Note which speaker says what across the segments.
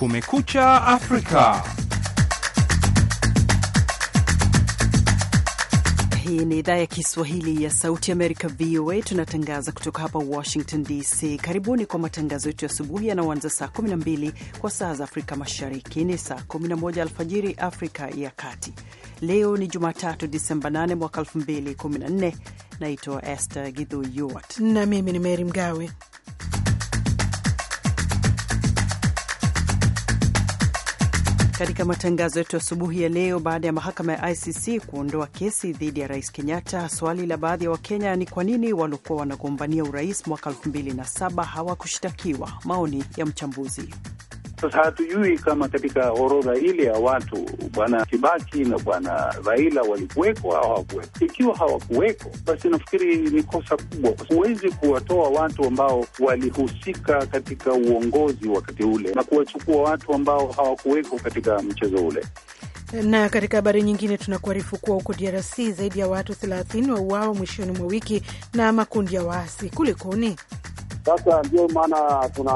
Speaker 1: Kumekucha Afrika.
Speaker 2: Hii ni idhaa ya Kiswahili ya Sauti Amerika, VOA. Tunatangaza kutoka hapa Washington DC. Karibuni kwa matangazo yetu ya asubuhi yanaoanza saa 12 kwa saa za Afrika Mashariki, ni saa 11 alfajiri Afrika ya Kati. Leo ni Jumatatu, Disemba 8 mwaka 2014. Naitwa Esther Gidhu
Speaker 3: na mimi ni Meri Mgawe
Speaker 2: Katika matangazo yetu asubuhi ya leo, baada ya mahakama ya ICC kuondoa kesi dhidi ya rais Kenyatta, swali la baadhi ya Wakenya ni kwa nini waliokuwa wanagombania urais mwaka 2007 hawakushtakiwa. Maoni ya mchambuzi
Speaker 4: sasa hatujui kama katika
Speaker 5: orodha ile ya watu bwana Kibaki na bwana Raila walikuweko au hawakuweko. Ikiwa hawakuweko, basi nafikiri ni kosa kubwa. Huwezi kuwatoa watu ambao walihusika katika uongozi wakati ule na kuwachukua watu ambao hawakuweko katika mchezo ule.
Speaker 3: Na katika habari nyingine tunakuarifu kuwa huko DRC zaidi ya watu 30 wauawa mwishoni mwa wiki na makundi ya waasi. Kulikoni?
Speaker 6: Sasa ndio maana kuna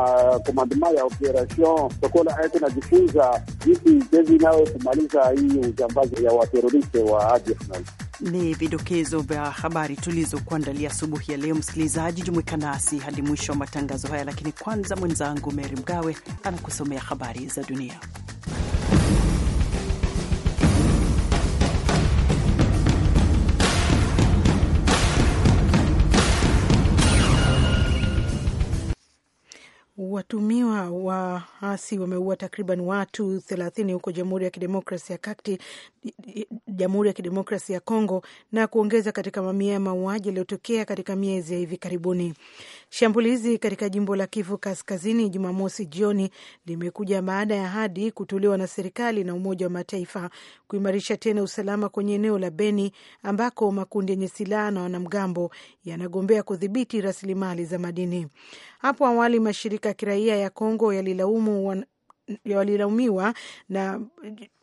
Speaker 6: komandema ya operation Sokola ete najifunza jinsi jezi nayo kumaliza hii ujambazi ya wateroriste wa ADF.
Speaker 2: Ni vidokezo vya habari tulizokuandalia asubuhi ya leo. Msikilizaji, jumuika nasi hadi mwisho wa matangazo haya, lakini kwanza mwenzangu Meri Mgawe anakusomea habari za dunia.
Speaker 3: Watumiwa wa hasi wameua takriban watu thelathini huko Jamhuri ya Kidemokrasi ya Kati, Jamhuri ya Kidemokrasi ya Kongo na kuongeza katika mamia ya mauaji yaliyotokea katika miezi ya hivi karibuni. Shambulizi katika jimbo la Kivu Kaskazini Jumamosi jioni limekuja baada ya ahadi kutolewa na serikali na Umoja wa Mataifa kuimarisha tena usalama kwenye eneo la Beni ambako makundi yenye silaha na wanamgambo yanagombea kudhibiti rasilimali za madini. Hapo awali mashirika ya kiraia ya Kongo yalilaumu wan yalilaumiwa na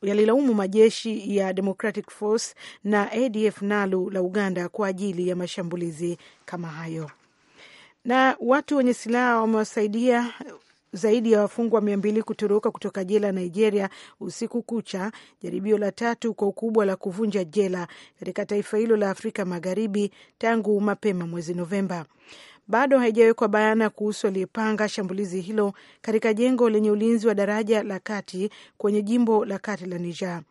Speaker 3: yalilaumu majeshi ya Democratic Force na ADF NALU la Uganda kwa ajili ya mashambulizi kama hayo. Na watu wenye silaha wamewasaidia zaidi ya wafungwa mia mbili kutoroka kutoka jela Nigeria usiku kucha, jaribio la tatu kwa ukubwa la kuvunja jela katika taifa hilo la Afrika Magharibi tangu mapema mwezi Novemba bado haijawekwa bayana kuhusu aliyepanga shambulizi hilo katika jengo lenye ulinzi wa daraja la kati kwenye jimbo la kati la Niger.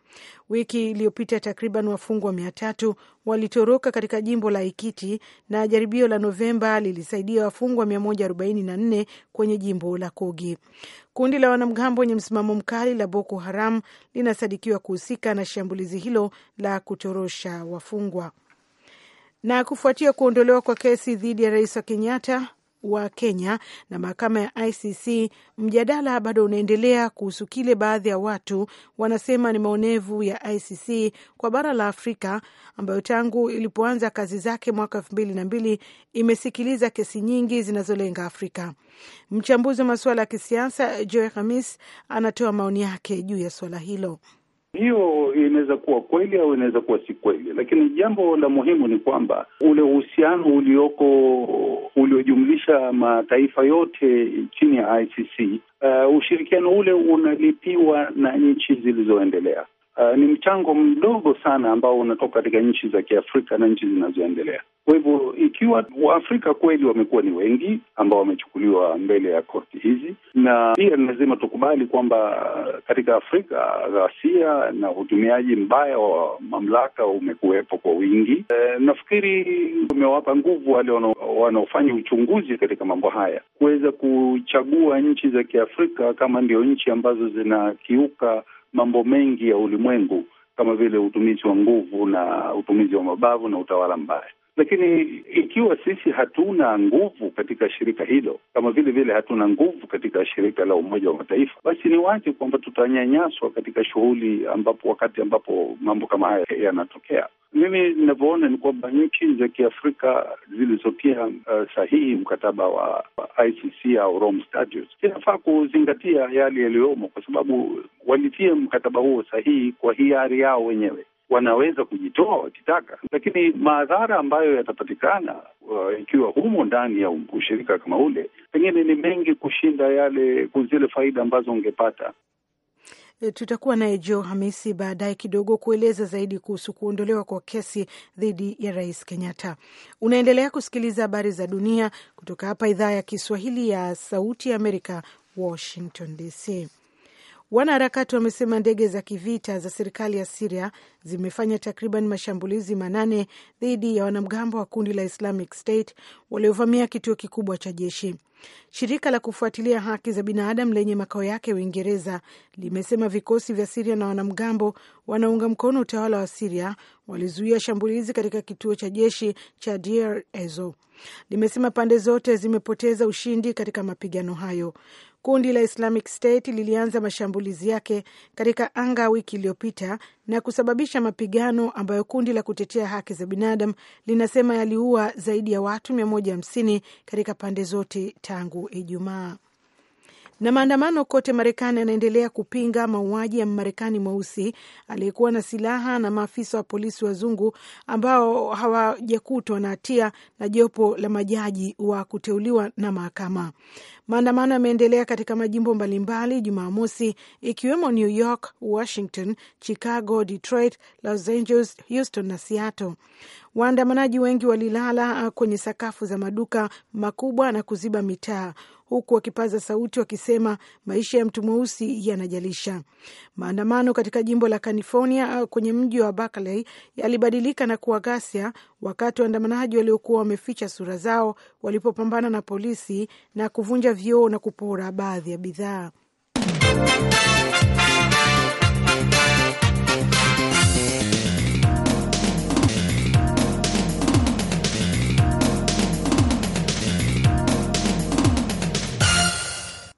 Speaker 3: Wiki iliyopita takriban wafungwa mia tatu walitoroka katika jimbo la Ikiti na jaribio la Novemba lilisaidia wafungwa 144 kwenye jimbo la Kogi. Kundi la wanamgambo wenye msimamo mkali la Boko Haram linasadikiwa kuhusika na shambulizi hilo la kutorosha wafungwa. Na kufuatia kuondolewa kwa kesi dhidi ya rais wa Kenyatta wa Kenya na mahakama ya ICC, mjadala bado unaendelea kuhusu kile baadhi ya watu wanasema ni maonevu ya ICC kwa bara la Afrika, ambayo tangu ilipoanza kazi zake mwaka elfu mbili na mbili imesikiliza kesi nyingi zinazolenga Afrika. Mchambuzi wa masuala ya kisiasa Joe Hamis anatoa maoni yake juu ya suala hilo
Speaker 5: hiyo inaweza kuwa kweli au inaweza kuwa si kweli, lakini jambo la muhimu ni kwamba ule uhusiano ulioko uliojumlisha mataifa yote chini ya ICC, uh, ushirikiano ule unalipiwa na nchi zilizoendelea uh, ni mchango mdogo sana ambao unatoka katika nchi za Kiafrika na nchi zinazoendelea. Kwa hivyo ikiwa Waafrika kweli wamekuwa ni wengi ambao wamechukuliwa mbele ya korti hizi, na pia lazima tukubali kwamba eh, katika Afrika ghasia na utumiaji mbaya wa mamlaka umekuwepo kwa wingi. E, nafikiri umewapa nguvu wale wanaofanya uchunguzi katika mambo haya kuweza kuchagua nchi za Kiafrika kama ndio nchi ambazo zinakiuka mambo mengi ya ulimwengu kama vile utumizi wa nguvu na utumizi wa mabavu na utawala mbaya. Lakini ikiwa sisi hatuna nguvu katika shirika hilo, kama vile vile hatuna nguvu katika shirika la Umoja wa Mataifa, basi ni wazi kwamba tutanyanyaswa katika shughuli ambapo, wakati ambapo mambo kama haya yanatokea.
Speaker 6: Mimi ninavyoona
Speaker 5: ni kwamba nchi za Kiafrika zilizotia uh, sahihi mkataba wa ICC au Rome Statutes zinafaa kuzingatia yale yaliyomo, kwa sababu walitia mkataba huo sahihi kwa hiari yao wenyewe wanaweza kujitoa wakitaka, lakini madhara ambayo yatapatikana uh, ikiwa humo ndani ya ushirika kama ule pengine ni mengi kushinda yale zile faida ambazo ungepata.
Speaker 3: E, tutakuwa naye Jo Hamisi baadaye kidogo kueleza zaidi kuhusu kuondolewa kwa kesi dhidi ya rais Kenyatta. Unaendelea kusikiliza habari za dunia kutoka hapa idhaa ya Kiswahili ya Sauti ya Amerika, Washington DC. Wanaharakati wamesema ndege za kivita za serikali ya Siria zimefanya takriban mashambulizi manane dhidi ya wanamgambo wa kundi la Islamic State waliovamia kituo kikubwa cha jeshi. Shirika la kufuatilia haki za binadamu lenye makao yake Uingereza limesema vikosi vya Siria na wanamgambo wanaunga mkono utawala wa Siria walizuia shambulizi katika kituo cha jeshi cha Deir Ezzor. Limesema pande zote zimepoteza ushindi katika mapigano hayo. Kundi la Islamic State lilianza mashambulizi yake katika anga wiki iliyopita na kusababisha mapigano ambayo kundi la kutetea haki za binadamu linasema yaliua zaidi ya watu 150 katika pande zote tangu Ijumaa. Na maandamano kote Marekani yanaendelea kupinga mauaji ya marekani mweusi aliyekuwa na silaha na maafisa wa polisi wazungu ambao hawajakutwa na hatia na jopo la majaji wa kuteuliwa na mahakama. Maandamano yameendelea katika majimbo mbalimbali Jumamosi, ikiwemo New York, Washington, Chicago, Detroit, Los Angeles, Houston na Seattle. Waandamanaji wengi walilala uh, kwenye sakafu za maduka makubwa na kuziba mitaa huku wakipaza sauti wakisema maisha ya mtu mweusi yanajalisha. Maandamano katika jimbo la California uh, kwenye mji wa Berkeley yalibadilika na kuwa ghasia wakati waandamanaji waliokuwa wameficha sura zao walipopambana na polisi na kuvunja vioo na kupora baadhi ya bidhaa.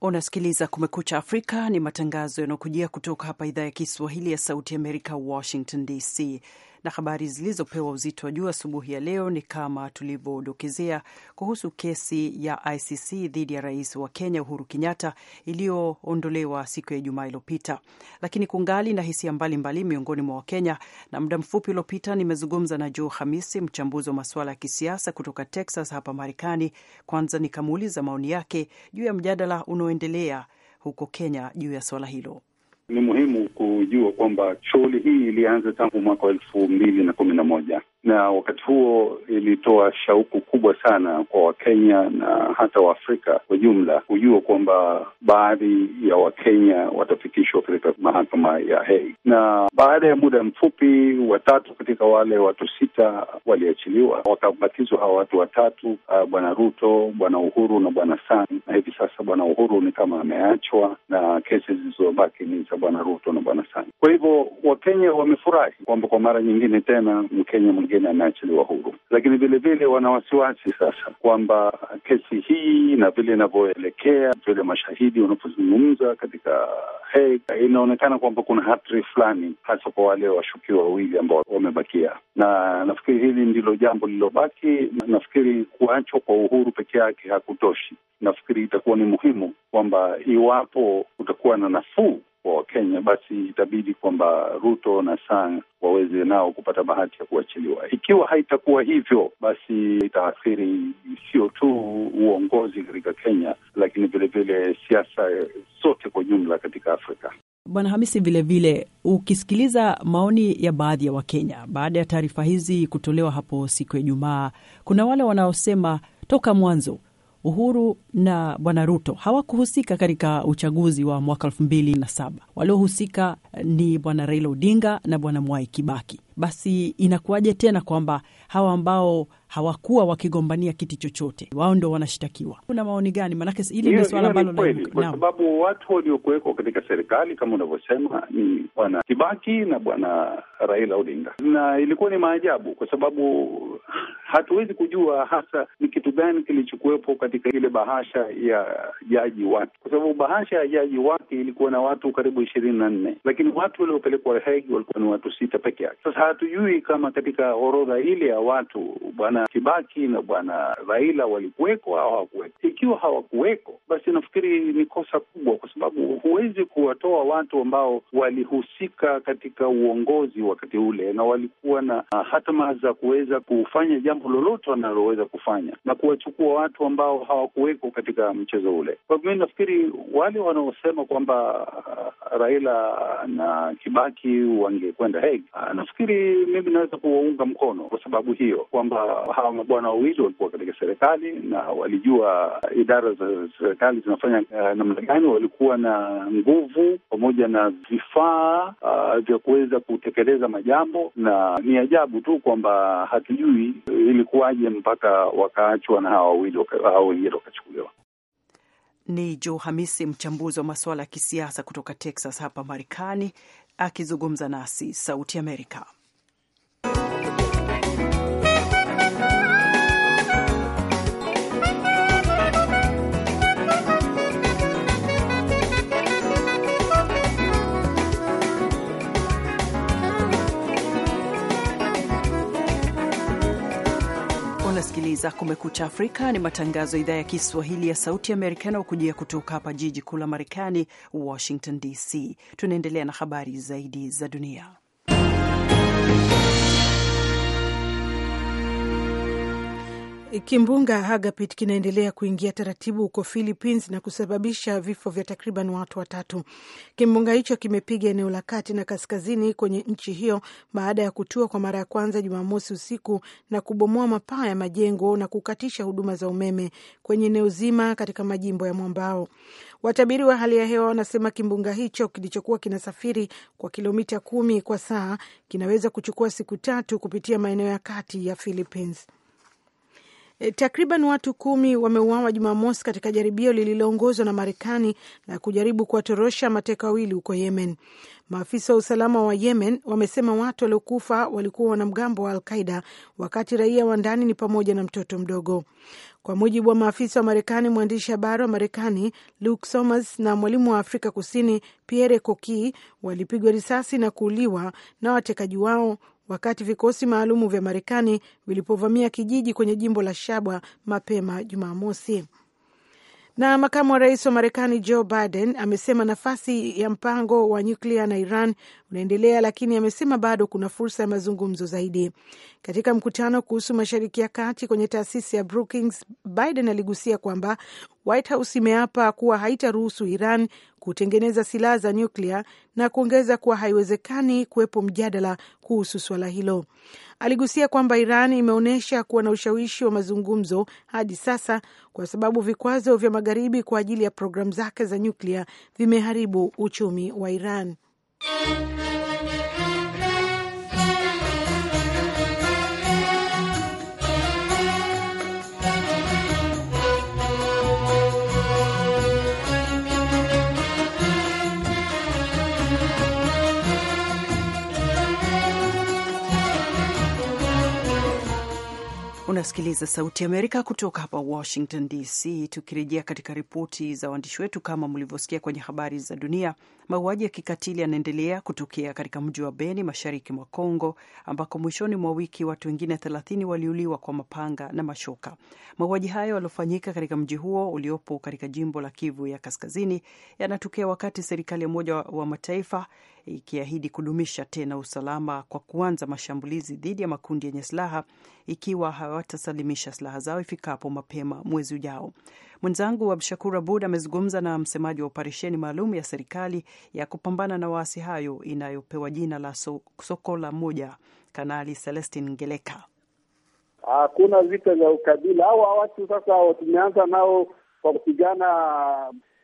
Speaker 2: Unasikiliza Kumekucha Afrika, ni matangazo yanayokujia kutoka hapa idhaa ya Kiswahili ya Sauti ya Amerika, Washington DC. Na habari zilizopewa uzito wa juu asubuhi ya leo ni kama tulivyodokezea, kuhusu kesi ya ICC dhidi ya rais wa Kenya Uhuru Kenyatta iliyoondolewa siku ya Ijumaa iliyopita, lakini kungali na hisia mbalimbali miongoni mwa Wakenya. Na muda mfupi uliopita nimezungumza na Joe Hamisi, mchambuzi wa masuala ya kisiasa kutoka Texas hapa Marekani. Kwanza nikamuuliza maoni yake juu ya mjadala unaoendelea huko Kenya juu ya swala hilo.
Speaker 4: Ni muhimu
Speaker 5: kujua kwamba shughuli hii ilianza tangu mwaka wa elfu mbili na kumi na moja na wakati huo ilitoa shauku kubwa sana kwa Wakenya na hata Waafrika kwa jumla kujua kwamba baadhi ya Wakenya watafikishwa katika mahakama ya Hague. Na baada ya muda mfupi, watatu katika wale watu sita waliachiliwa, wakabatizwa hawa watu watatu, uh, Bwana Ruto, Bwana Uhuru na Bwana Sani. Na hivi sasa Bwana Uhuru ni kama ameachwa na kesi zilizobaki ni za Bwana Ruto na Bwana Sani. Kwa hivyo Wakenya wamefurahi kwamba kwa mara nyingine tena Mkenya mwingine ameachiliwa huru, lakini vilevile wana wasiwasi sasa kwamba kesi hii na vile inavyoelekea, vile mashahidi wanapozungumza katika Hague, inaonekana kwamba kuna hatari fulani, hasa kwa wale washukiwa wawili ambao wamebakia, na nafikiri hili ndilo jambo lililobaki. Nafikiri kuachwa kwa uhuru peke yake hakutoshi. Nafikiri itakuwa ni muhimu kwamba iwapo kutakuwa na nafuu kwa Wakenya, basi itabidi kwamba Ruto na Sang waweze nao kupata bahati ya kuachiliwa. Ikiwa haitakuwa hivyo, basi itaathiri sio tu uongozi katika Kenya, lakini vilevile siasa zote kwa jumla katika Afrika.
Speaker 2: Bwana Hamisi, vilevile ukisikiliza maoni ya baadhi ya Wakenya baada ya taarifa hizi kutolewa hapo siku ya Ijumaa, kuna wale wanaosema toka mwanzo Uhuru na bwana Ruto hawakuhusika katika uchaguzi wa mwaka elfu mbili na saba. Waliohusika ni bwana Raila Odinga na bwana Mwai Kibaki. Basi inakuwaje tena kwamba hawa ambao hawakuwa wakigombania kiti chochote, wao ndo wanashitakiwa Kuna maoni gani? Maanake hili ni swala ambalo kwa
Speaker 5: sababu watu waliokuwekwa katika serikali kama unavyosema ni bwana Kibaki na bwana Raila Odinga, na ilikuwa ni maajabu kwa sababu hatuwezi kujua hasa ni kitu gani kilichokuwepo katika ile bahasha ya jaji wake, kwa sababu bahasha ya jaji wake ilikuwa na watu karibu ishirini na nne, lakini watu waliopelekwa Hague walikuwa ni watu sita peke yake. Sasa hatujui kama katika orodha ile ya watu bwana bwana Kibaki na bwana Raila walikuweko au hawakuweko? Ikiwa hawakuweko, basi nafikiri ni kosa kubwa, kwa sababu huwezi kuwatoa watu ambao walihusika katika uongozi wakati ule na walikuwa na ah, hatma za kuweza kufanya jambo lolote wanaloweza kufanya na kuwachukua watu ambao hawakuweko katika mchezo ule. Kwa hivyo mi nafikiri wale wanaosema kwamba ah, Raila na Kibaki wangekwenda Hague, ah, nafikiri mimi naweza kuwaunga mkono kwa sababu hiyo kwamba hawa mabwana wawili walikuwa katika serikali na walijua idara za serikali zinafanya uh, namna gani. Walikuwa na nguvu pamoja na vifaa uh, vya kuweza kutekeleza majambo, na ni ajabu tu kwamba hatujui ilikuwaje mpaka wakaachwa na hawa wawili hawa wengine wakachukuliwa.
Speaker 2: Ni Joe Hamisi, mchambuzi wa masuala ya kisiasa kutoka Texas hapa Marekani, akizungumza nasi Sauti Amerika. Unasikiliza Kumekucha Afrika, ni matangazo ya idhaa ya Kiswahili ya Sauti ya Amerika yanayokujia kutoka hapa jiji kuu la Marekani, Washington DC. Tunaendelea na habari zaidi za dunia.
Speaker 3: Kimbunga Hagapit kinaendelea kuingia taratibu huko Philippines na kusababisha vifo vya takriban watu watatu. Kimbunga hicho kimepiga eneo la kati na kaskazini kwenye nchi hiyo baada ya kutua kwa mara ya kwanza Jumamosi usiku na kubomoa mapaa ya majengo na kukatisha huduma za umeme kwenye eneo zima katika majimbo ya mwambao. Watabiri wa hali ya hewa wanasema kimbunga hicho kilichokuwa kinasafiri kwa kilomita kumi kwa saa kinaweza kuchukua siku tatu kupitia maeneo ya kati ya Philippines. E, takriban watu kumi wameuawa Jumamosi katika jaribio lililoongozwa na Marekani la kujaribu kuwatorosha mateka wawili huko Yemen. Maafisa wa usalama wa Yemen wamesema watu waliokufa walikuwa wanamgambo wa Alqaida, wakati raia wa ndani ni pamoja na mtoto mdogo, kwa mujibu wa maafisa wa Marekani. Mwandishi habari wa Marekani Luke Somers na mwalimu wa Afrika Kusini Pierre Koki walipigwa risasi na kuuliwa na watekaji wao wakati vikosi maalumu vya Marekani vilipovamia kijiji kwenye jimbo la Shabwa mapema Jumamosi. Na makamu wa rais wa Marekani Joe Biden amesema nafasi ya mpango wa nyuklia na Iran unaendelea, lakini amesema bado kuna fursa ya mazungumzo zaidi. Katika mkutano kuhusu Mashariki ya Kati kwenye taasisi ya Brookings, Biden aligusia kwamba White House imeapa kuwa haitaruhusu Iran kutengeneza silaha za nyuklia na kuongeza kuwa haiwezekani kuwepo mjadala kuhusu suala hilo. Aligusia kwamba Iran imeonyesha kuwa na ushawishi wa mazungumzo hadi sasa kwa sababu vikwazo vya Magharibi kwa ajili ya programu zake za nyuklia vimeharibu uchumi wa Iran.
Speaker 2: unasikiliza Sauti Amerika kutoka hapa Washington DC. Tukirejea katika ripoti za waandishi wetu, kama mlivyosikia kwenye habari za dunia, Mauaji ya kikatili yanaendelea kutokea katika mji wa Beni, mashariki mwa Kongo, ambako mwishoni mwa wiki watu wengine 30 waliuliwa kwa mapanga na mashoka. Mauaji hayo yaliofanyika katika mji huo uliopo katika jimbo la Kivu ya Kaskazini yanatokea wakati serikali ya Umoja wa Mataifa ikiahidi kudumisha tena usalama kwa kuanza mashambulizi dhidi ya makundi yenye silaha ikiwa hawatasalimisha silaha zao ifikapo mapema mwezi ujao. Mwenzangu Abdushakur Abud amezungumza na msemaji wa operesheni maalum ya serikali ya kupambana na waasi hayo inayopewa jina la so, soko la moja, Kanali Celestin Ngeleka.
Speaker 6: Hakuna vita vya ukabila au watu sasa tumeanza nao kwa kupigana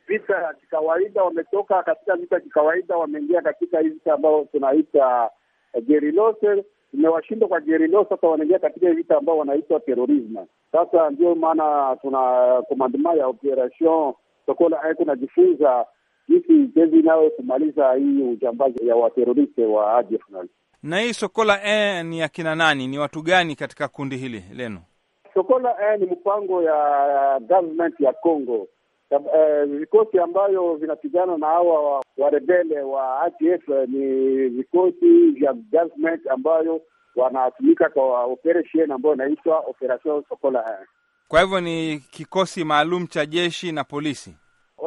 Speaker 6: vita ya kikawaida. Wametoka katika vita ya kikawaida wameingia katika hii vita ambayo tunaita eh, gerilose. Tumewashindwa kwa gerilose, sasa wanaingia katika hii vita ambao wanaitwa terorisma. Sasa ndio maana tuna komandema ya operation Sokola aiko najifunza jinsi jezi inayo kumaliza hii ujambazi ya wateroriste wa ADF.
Speaker 1: Na hii Sokola e ni akina nani? Ni watu gani katika kundi hili leno?
Speaker 6: Sokola e ni mpango ya government ya Congo eh, vikosi eh, ambayo vinapigana na hawa warebele wa ADF eh, ni vikosi vya government ambayo wanatumika kwa operation ambayo inaitwa Operation Sokola.
Speaker 1: Kwa hivyo ni kikosi maalum cha jeshi na polisi.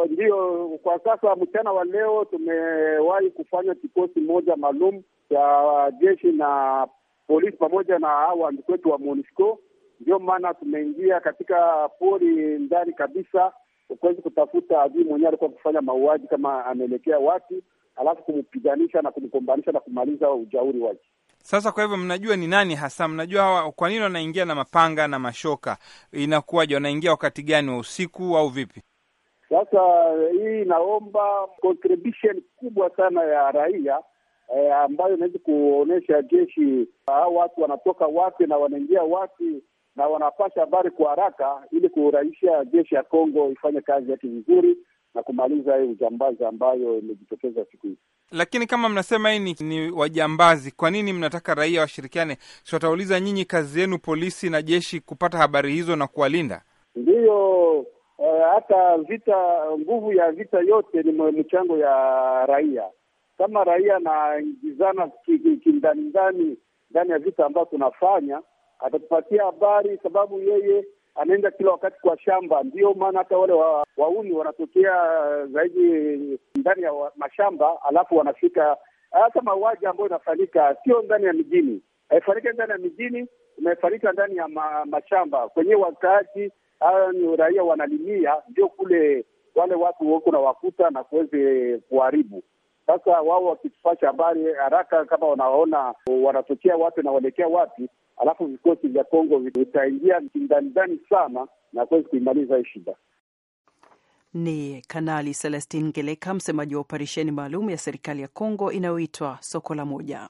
Speaker 6: ndio kwa sasa mchana wa leo tumewahi kufanya kikosi moja maalum cha jeshi na polisi pamoja na hawa ndugu wetu wa MONUSCO. Ndio maana tumeingia katika pori ndani kabisa, ukuwezi kutafuta adui mwenyewe alikuwa kufanya mauaji kama ameelekea wapi, alafu kumpiganisha na kumgombanisha na kumaliza ujauri wake.
Speaker 1: Sasa kwa hivyo mnajua ni nani hasa, mnajua hawa kwa nini wanaingia na mapanga na mashoka, inakuwaje? Wanaingia wakati gani wa usiku au vipi?
Speaker 6: Sasa hii inaomba contribution kubwa sana ya raia eh, ambayo inaweza kuonyesha jeshi au watu wanatoka wapi na wanaingia wapi na wanapasha habari kwa haraka, ili kurahisha jeshi ya Kongo ifanye kazi yake vizuri na kumaliza hii ujambazi ambayo imejitokeza siku hizi.
Speaker 1: Lakini kama mnasema hii ni, ni wajambazi, kwa nini mnataka raia washirikiane? Si watauliza nyinyi, kazi yenu polisi na jeshi kupata habari hizo na kuwalinda?
Speaker 6: Ndiyo, eh, hata vita, nguvu ya vita yote ni mchango ya raia. Kama raia anaingizana kindanindani ndani ya vita ambayo tunafanya, atatupatia habari, sababu yeye anaenda kila wakati kwa shamba. Ndiyo maana hata wale wa, wauni wanatokea zaidi ndani ya wa, mashamba, alafu wanafika hata ah, mauaji ambayo inafanyika sio ndani ya mijini, haifanyika ndani ya mijini, imefanyika ndani ya ma, mashamba kwenye wakati hao ni raia wanalimia, ndio kule wale watu wako na wakuta na kuweze kuharibu. Sasa wao wakitupasha habari haraka, kama wanaona wanatokea wapi na waelekea wapi, alafu vikosi vya Kongo vitaingia kindanidani sana na kuwezi kuimaliza hii shida.
Speaker 2: Ni Kanali Celestin geleka msemaji wa operesheni maalum ya serikali ya Kongo inayoitwa Soko la Moja.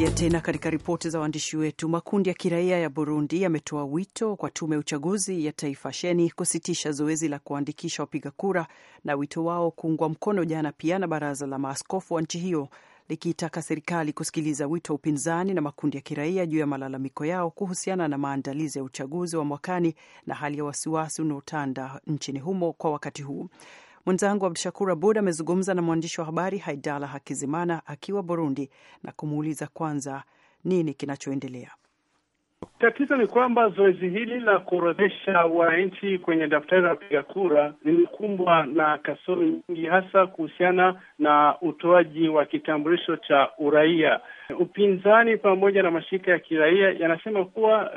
Speaker 2: Tukirejea tena katika ripoti za waandishi wetu, makundi ya kiraia ya Burundi yametoa wito kwa tume ya uchaguzi ya taifa Sheni kusitisha zoezi la kuandikisha wapiga kura, na wito wao kuungwa mkono jana pia na baraza la maaskofu wa nchi hiyo likiitaka serikali kusikiliza wito wa upinzani na makundi ya kiraia juu ya malalamiko yao kuhusiana na maandalizi ya uchaguzi wa mwakani na hali ya wasiwasi unaotanda nchini humo kwa wakati huu. Mwenzangu Abdu Shakur Abud amezungumza na mwandishi wa habari Haidala Hakizimana akiwa Burundi na kumuuliza kwanza nini kinachoendelea.
Speaker 4: Tatizo ni kwamba zoezi hili la kuorodhesha wananchi kwenye daftari la wapiga kura limekumbwa na kasoro nyingi, hasa kuhusiana na utoaji wa kitambulisho cha uraia. Upinzani pamoja na mashirika ya kiraia yanasema kuwa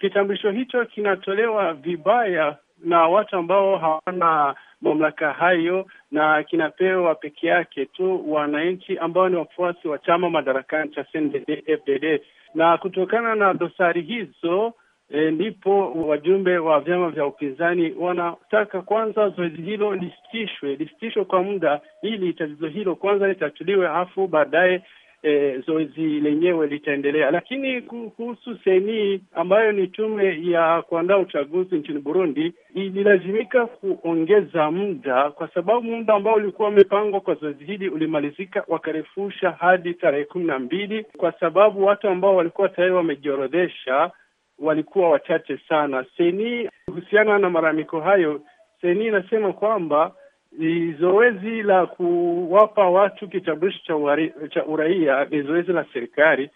Speaker 4: kitambulisho hicho kinatolewa vibaya na watu ambao hawana mamlaka hayo, na kinapewa peke yake tu wananchi ambao ni wafuasi wa chama madarakani cha CNDD-FDD. Na kutokana na dosari hizo E, ndipo wajumbe wa vyama vya upinzani wanataka kwanza zoezi hilo lisitishwe, lisitishwe kwa muda, ili tatizo hilo kwanza litatuliwe, halafu baadaye e, zoezi lenyewe litaendelea. Lakini kuhusu seni ambayo ni tume ya kuandaa uchaguzi nchini Burundi ililazimika kuongeza muda kwa sababu muda ambao ulikuwa umepangwa kwa zoezi hili ulimalizika, wakarefusha hadi tarehe kumi na mbili kwa sababu watu ambao walikuwa tayari wamejiorodhesha walikuwa wachache sana. Seni kuhusiana na malalamiko hayo, seni inasema kwamba ni zoezi la kuwapa watu kitambulisho cha, cha uraia ni zoezi la serikali.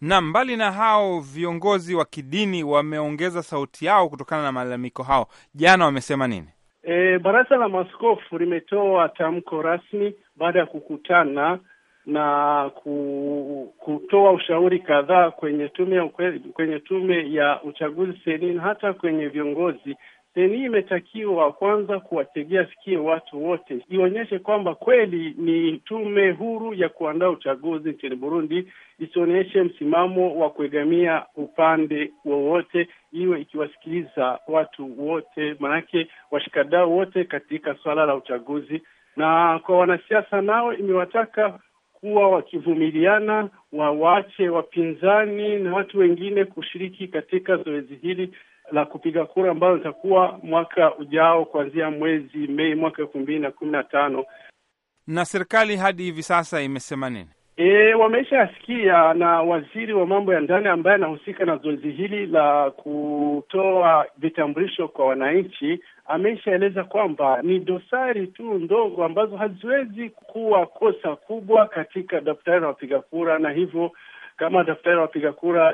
Speaker 1: Na mbali na hao, viongozi wa kidini wameongeza sauti yao kutokana na malalamiko hao. Jana wamesema nini?
Speaker 4: E, baraza la maskofu limetoa tamko rasmi baada ya kukutana na kutoa ushauri kadhaa kwenye tume kwenye tume ya uchaguzi senini hata kwenye viongozi Seni imetakiwa kwanza kuwategea sikio watu wote, ionyeshe kwamba kweli ni tume huru ya kuandaa uchaguzi nchini Burundi, isionyeshe msimamo wa kuegamia upande wowote, iwe ikiwasikiliza watu wote, manake washikadau wote katika swala la uchaguzi. Na kwa wanasiasa nao imewataka kuwa wakivumiliana, wawache wapinzani na watu wengine kushiriki katika zoezi hili la kupiga kura ambalo litakuwa mwaka ujao kuanzia mwezi Mei mwaka elfu mbili na kumi na tano.
Speaker 1: Na serikali hadi hivi sasa imesema nini?
Speaker 4: E, yasikia na waziri wa mambo ya ndani ambaye anahusika na zoezi hili la kutoa vitambulisho kwa wananchi ameshaeleza kwamba ni dosari tu ndogo ambazo haziwezi kuwa kosa kubwa katika daftari la wapiga kura, na hivyo kama daftari la wapiga kura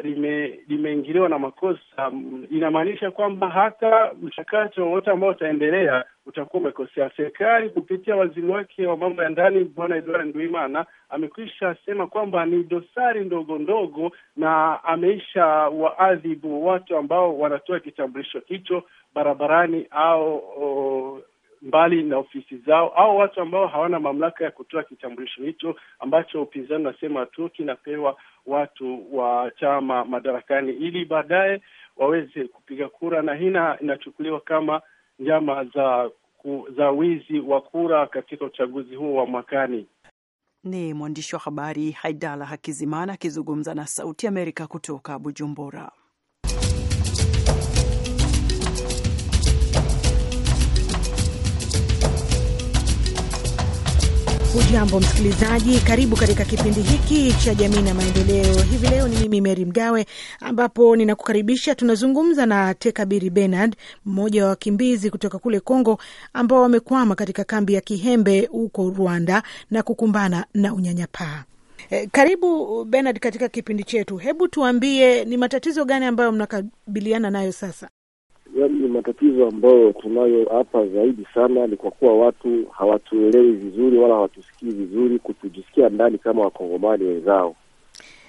Speaker 4: limeingiliwa na makosa, inamaanisha kwamba hata mchakato wowote ambao utaendelea utakuwa umekosea. Serikali kupitia waziri wake wa mambo ya ndani Bwana Edward Nduimana amekwisha sema kwamba ni dosari ndogo ndogo, na ameisha waadhibu watu ambao wanatoa kitambulisho hicho barabarani au o, mbali na ofisi zao au watu ambao hawana mamlaka ya kutoa kitambulisho hicho ambacho upinzani unasema tu kinapewa watu wa chama madarakani ili baadaye waweze kupiga kura, na hii inachukuliwa kama njama za, za wizi wa kura katika uchaguzi huo wa mwakani.
Speaker 2: Ni mwandishi wa habari Haidala Hakizimana akizungumza na Sauti Amerika kutoka Bujumbura.
Speaker 3: Hujambo msikilizaji, karibu katika kipindi hiki cha jamii na maendeleo. Hivi leo ni mimi Meri Mgawe, ambapo ninakukaribisha. Tunazungumza na Tekabiri Benard, mmoja wa wakimbizi kutoka kule congo ambao wamekwama katika kambi ya Kihembe huko Rwanda na kukumbana na unyanyapaa. Eh, karibu Benard katika kipindi chetu. Hebu tuambie ni matatizo gani ambayo mnakabiliana nayo sasa?
Speaker 6: Yaani, ni matatizo ambayo tunayo hapa zaidi sana ni kwa kuwa watu hawatuelewi vizuri wala hawatusikii vizuri kutujisikia ndani kama wakongomani wenzao,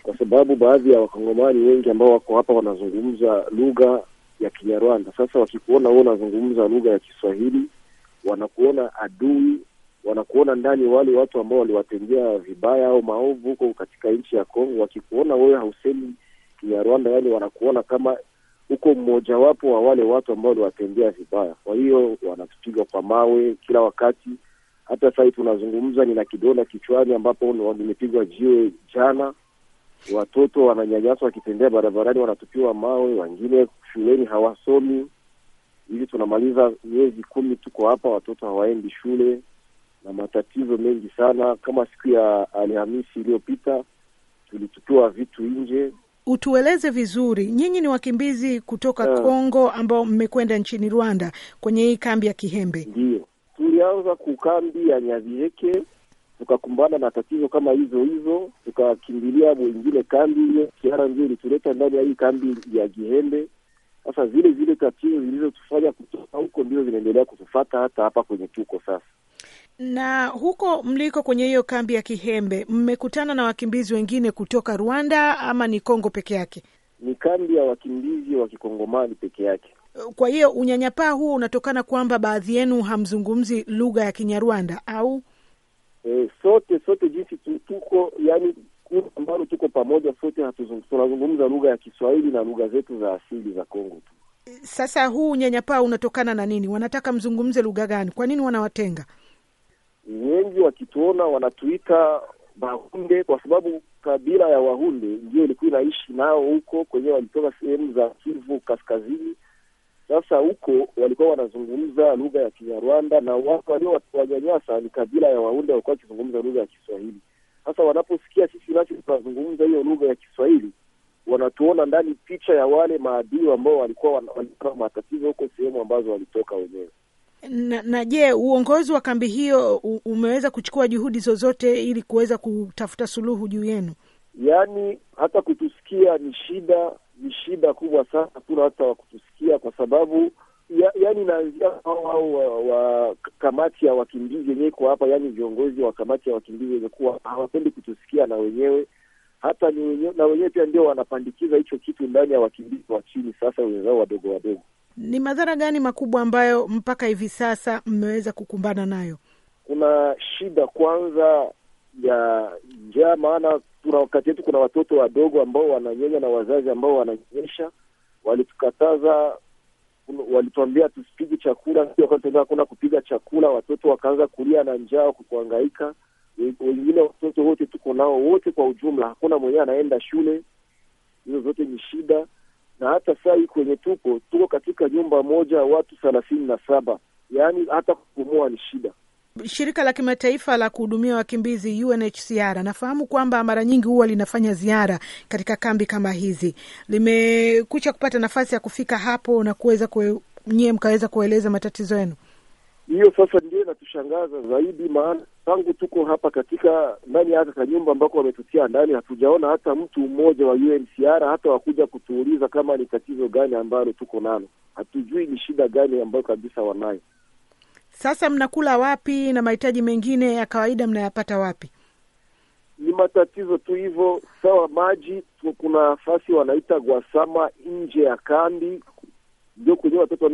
Speaker 6: kwa sababu baadhi ya wakongomani wengi ambao wako hapa wanazungumza lugha ya Kinyarwanda. Sasa wakikuona wewe unazungumza lugha ya Kiswahili, wanakuona adui, wanakuona ndani wale watu ambao waliwatendea vibaya au maovu huko katika nchi ya Kongo. Wakikuona wewe hausemi Kinyarwanda, yani wanakuona kama uko mmojawapo wa wale watu ambao waliwatendea vibaya. Kwa hiyo wanatupigwa kwa mawe kila wakati. Hata sahii tunazungumza, nina kidonda kichwani ambapo nimepigwa jiwe jana. Watoto wananyanyaswa wakitembea barabarani, wanatupiwa mawe, wengine shuleni hawasomi. Hivi tunamaliza miezi kumi, tuko hapa, watoto hawaendi shule na matatizo mengi sana. Kama siku ya Alhamisi iliyopita, tulitupiwa vitu nje
Speaker 3: utueleze vizuri, nyinyi ni wakimbizi kutoka yeah, Kongo ambao mmekwenda nchini Rwanda kwenye hii kambi ya Kihembe. ndio
Speaker 6: tulianza kukambi ya nyaviheke tukakumbana na tatizo kama hizo hizo, tukakimbilia wengine kambi hiyo. Kiara ndio ilituleta ndani ya hii kambi ya Kihembe. Sasa zile zile tatizo zilizotufanya kutoka huko ndio zinaendelea kutufata hata hapa kwenye tuko sasa.
Speaker 3: Na huko mliko kwenye hiyo kambi ya Kihembe, mmekutana na wakimbizi wengine kutoka Rwanda ama ni Kongo peke yake?
Speaker 6: Ni kambi ya wakimbizi wa kikongomani peke yake.
Speaker 3: Kwa hiyo unyanyapaa huo unatokana kwamba baadhi yenu hamzungumzi lugha ya Kinyarwanda au?
Speaker 6: E, sote sote jinsi tuko yani ambalo tuko pamoja sote tunazungumza lugha ya Kiswahili na lugha zetu za asili za Kongo tu.
Speaker 3: Sasa huu unyanyapaa unatokana na nini? Wanataka mzungumze lugha gani? Kwa nini wanawatenga?
Speaker 6: wengi wakituona wanatuita Bahunde kwa sababu kabila ya Wahunde ndio ilikuwa inaishi nao huko kwenyewe, walitoka sehemu za Kivu Kaskazini. Sasa huko walikuwa wanazungumza lugha ya Kinyarwanda na watu walio wanyanyasa ni kabila ya Wahunde, walikuwa wakizungumza lugha ya Kiswahili. Sasa wanaposikia sisi nasi tunazungumza hiyo lugha ya Kiswahili, wanatuona ndani picha ya wale maadui ambao walikuwa wana matatizo huko sehemu ambazo walitoka wenyewe.
Speaker 3: Na, na je, uongozi wa kambi hiyo umeweza kuchukua juhudi zozote ili kuweza kutafuta suluhu juu yenu?
Speaker 6: Yaani hata kutusikia ni shida, ni shida kubwa sana, tuna hata wa kutusikia kwa sababu ya, yani naanzia hao wa, wa kamati ya wakimbizi yenyewe iko hapa, yani viongozi wa kamati ya wakimbizi wenye kuwa hawapendi kutusikia na wenyewe hata ni wenyewe, na wenyewe pia ndio wanapandikiza hicho kitu ndani ya wakimbizi wa chini, sasa wenzao wadogo wadogo
Speaker 3: ni madhara gani makubwa ambayo mpaka hivi sasa mmeweza kukumbana nayo?
Speaker 6: Kuna shida kwanza ya njaa, maana kuna wakati wetu kuna watoto wadogo ambao wananyonya na wazazi ambao wananyonyesha walitukataza walituambia tusipige chakula, hakuna kupiga chakula. Watoto wakaanza kulia na njaa kukuangaika. Wengine watoto wote tuko nao wote kwa ujumla, hakuna mwenyewe anaenda shule. Hizo zote ni shida na hata saa hii kwenye tuko tuko katika nyumba moja watu thelathini na saba, yaani hata kupumua ni shida.
Speaker 3: Shirika la kimataifa la kuhudumia wakimbizi UNHCR nafahamu kwamba mara nyingi huwa linafanya ziara katika kambi kama hizi, limekucha kupata nafasi ya kufika hapo na kuweza nyie mkaweza kueleza matatizo yenu?
Speaker 6: Hiyo sasa ndio inatushangaza zaidi, maana tangu tuko hapa katika ndani ya ka nyumba ambako wametutia ndani, hatujaona hata mtu mmoja wa UNHCR hata wakuja kutuuliza kama ni tatizo gani ambalo tuko nalo. Hatujui ni shida gani ambayo kabisa wanayo.
Speaker 3: Sasa mnakula wapi na mahitaji mengine ya kawaida mnayapata wapi? Ni
Speaker 6: matatizo tu hivyo. Sawa, maji, kuna nafasi wanaita gwasama nje ya kambi, ndio kwenyewe watoto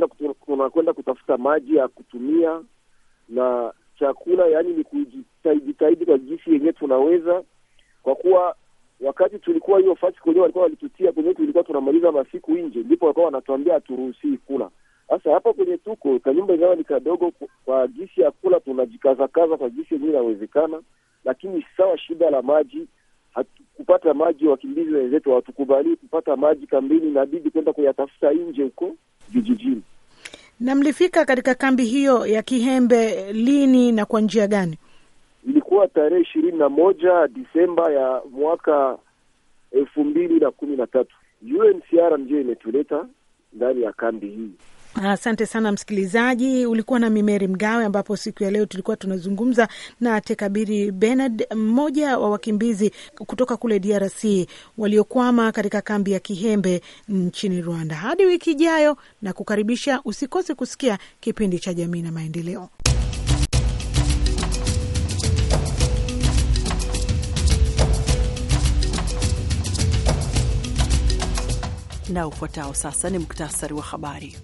Speaker 6: wanakwenda kutafuta maji ya kutumia na chakula, yaani ni kujitahidi kwa jinsi yenyewe tunaweza, kwa kuwa wakati tulikuwa hiyo fasi kwenyewe walikuwa walitutia kwenyewe, tulikuwa tunamaliza masiku nje, ndipo walikuwa wanatuambia haturuhusii kula. Sasa hapa kwenye tuko kanyumba ingawa ni kadogo kwa jinsi ya kula, tunajikazakaza kwa jinsi yenyewe inawezekana, lakini sawa, shida la maji kupata maji, wakimbizi wenzetu hawatukubali kupata maji kambini, inabidi kwenda kuyatafuta nje huko
Speaker 3: vijijini. Na mlifika katika kambi hiyo ya Kihembe lini na kwa njia gani?
Speaker 6: Ilikuwa tarehe ishirini na moja Disemba ya mwaka elfu mbili na kumi na tatu. UNHCR ndiyo imetuleta ndani ya kambi hii
Speaker 3: Asante sana msikilizaji, ulikuwa na Mimeri Mgawe, ambapo siku ya leo tulikuwa tunazungumza na Tekabiri Benard, mmoja wa wakimbizi kutoka kule DRC waliokwama katika kambi ya Kihembe nchini Rwanda. Hadi wiki ijayo, na kukaribisha usikose kusikia kipindi cha Jamii na Maendeleo.
Speaker 2: Na ufuatao sasa ni muktasari wa habari.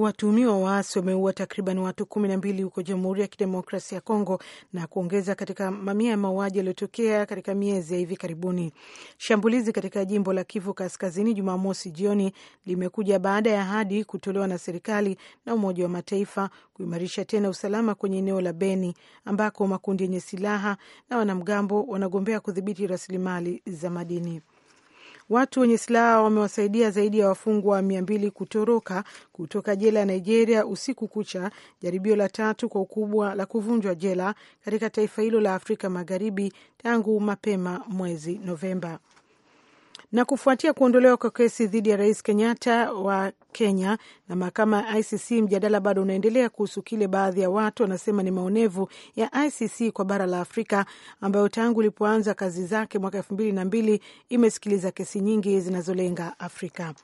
Speaker 3: watumiwa waasi wameua takriban watu kumi na mbili huko Jamhuri ya Kidemokrasia ya Kongo na kuongeza katika mamia ya mauaji yaliyotokea katika miezi ya hivi karibuni. Shambulizi katika jimbo la Kivu Kaskazini Jumamosi jioni limekuja baada ya ahadi kutolewa na serikali na Umoja wa Mataifa kuimarisha tena usalama kwenye eneo la Beni ambako makundi yenye silaha na wanamgambo wanagombea kudhibiti rasilimali za madini. Watu wenye silaha wamewasaidia zaidi ya wafungwa mia mbili kutoroka kutoka jela ya Nigeria usiku kucha, jaribio la tatu kwa ukubwa la kuvunjwa jela katika taifa hilo la Afrika Magharibi tangu mapema mwezi Novemba. Na kufuatia kuondolewa kwa kesi dhidi ya rais Kenyatta wa Kenya na mahakama ya ICC, mjadala bado unaendelea kuhusu kile baadhi ya watu wanasema ni maonevu ya ICC kwa bara la Afrika, ambayo tangu ilipoanza kazi zake mwaka elfu mbili na mbili imesikiliza kesi nyingi zinazolenga Afrika.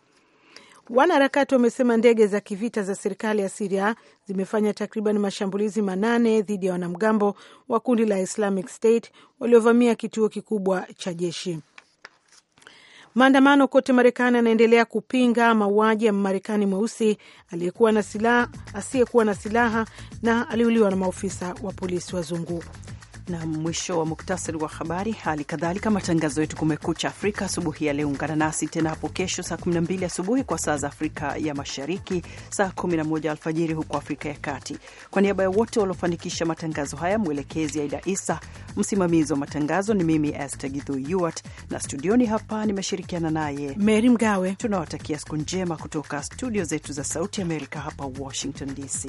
Speaker 3: Wanaharakati wamesema ndege za kivita za serikali ya Siria zimefanya takriban mashambulizi manane dhidi ya wanamgambo wa kundi la Islamic State waliovamia kituo kikubwa cha jeshi. Maandamano kote Marekani yanaendelea kupinga mauaji ya Mmarekani mweusi aliyekuwa na silaha asiyekuwa na silaha na aliuliwa na maofisa wa polisi wazungu na mwisho wa muktasari wa habari.
Speaker 2: Hali kadhalika matangazo yetu Kumekucha Afrika asubuhi ya leo. Ungana nasi tena hapo kesho saa 12 asubuhi kwa saa za Afrika ya Mashariki, saa 11 alfajiri huko Afrika ya Kati. Kwa niaba ya wote waliofanikisha matangazo haya, mwelekezi Aida Isa, msimamizi wa matangazo ni mimi Esther Githu Yuart, na studioni hapa nimeshirikiana naye Mary Mgawe. Tunawatakia siku njema kutoka studio zetu za Sauti Amerika hapa Washington DC.